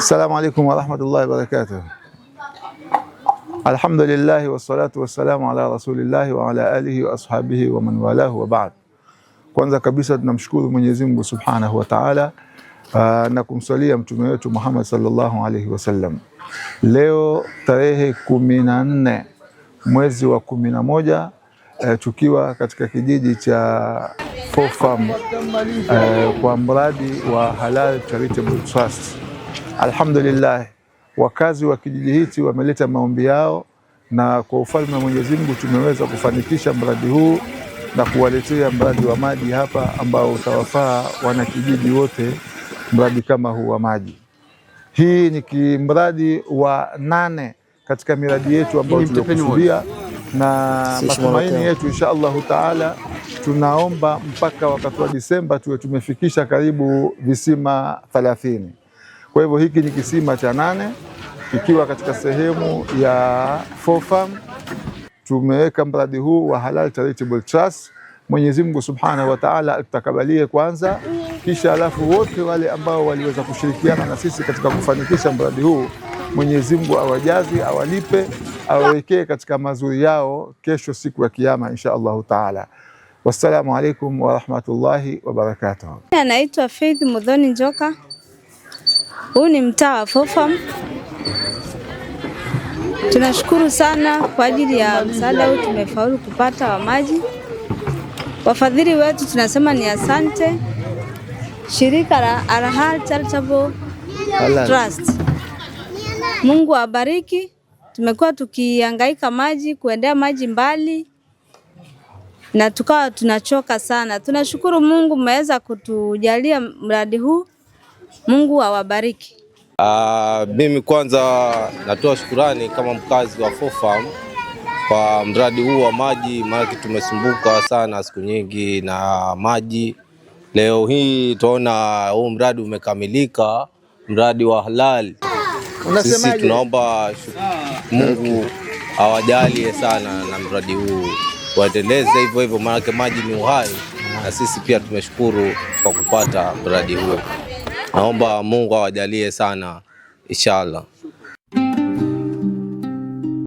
Assalamu alaikum warahmatullahi wabarakatuh. Alhamdulillahi wassalatu wassalamu ala rasulillahi على رسول alihi وعلى آله وأصحابه ومن والاه وبعد Kwanza kabisa tunamshukuru Mwenyezi Mungu Subhanahu wa Ta'ala ah, na kumswalia mtume wetu Muhammad sallallahu alaihi wasallam. Leo tarehe kumi na nne mwezi wa kumi na moja eh, tukiwa katika kijiji cha Fofarm eh, kwa mradi wa Halal Charitable Trust Alhamdulillah, wakazi wa kijiji hichi wameleta maombi yao, na kwa ufalme wa Mwenyezi Mungu tumeweza kufanikisha mradi huu na kuwaletea mradi wa maji hapa ambao utawafaa wanakijiji wote. Mradi kama huu wa maji, hii ni kimradi wa nane katika miradi yetu ambayo tulikusudia na matumaini yetu insha Allahu taala, tunaomba mpaka wakati wa Disemba tuwe tumefikisha karibu visima thalathini. Kwa hivyo hiki ni kisima cha nane kikiwa katika sehemu ya Fofarm. Tumeweka mradi huu wa halal Charitable Trust. Mwenyezi Mungu Subhanahu wa Ta'ala atutakabalie kwanza, kisha alafu wote wale ambao waliweza kushirikiana na sisi katika kufanikisha mradi huu Mwenyezi Mungu awajazi, awalipe, awawekee katika mazuri yao kesho siku ya Kiyama insha Allahu Ta'ala. Wassalamu alaikum wa rahmatullahi wa barakatuh. Anaitwa Faith Mudhoni Njoka. Huu ni mtaa wa Fofam. Tunashukuru sana kwa ajili ya msaada huu tumefaulu kupata wa maji. Wafadhili wetu tunasema ni asante. Shirika la al Charitable Trust. Mungu awabariki. Tumekuwa tukihangaika maji, kuendea maji mbali na tukawa tunachoka sana. Tunashukuru Mungu mmeweza kutujalia mradi huu. Mungu awabariki. Uh, mimi kwanza natoa shukurani kama mkazi wa Farm kwa mradi huu wa maji, maanake tumesumbuka sana siku nyingi na maji. Leo hii tunaona huu mradi umekamilika, mradi wa halali. Sisi tunaomba ah. Mungu awajalie sana na mradi huu waendeleze hivyo hivyo, maanake maji ni uhai, na sisi pia tumeshukuru kwa kupata mradi huu naomba Mungu awajalie sana inshallah.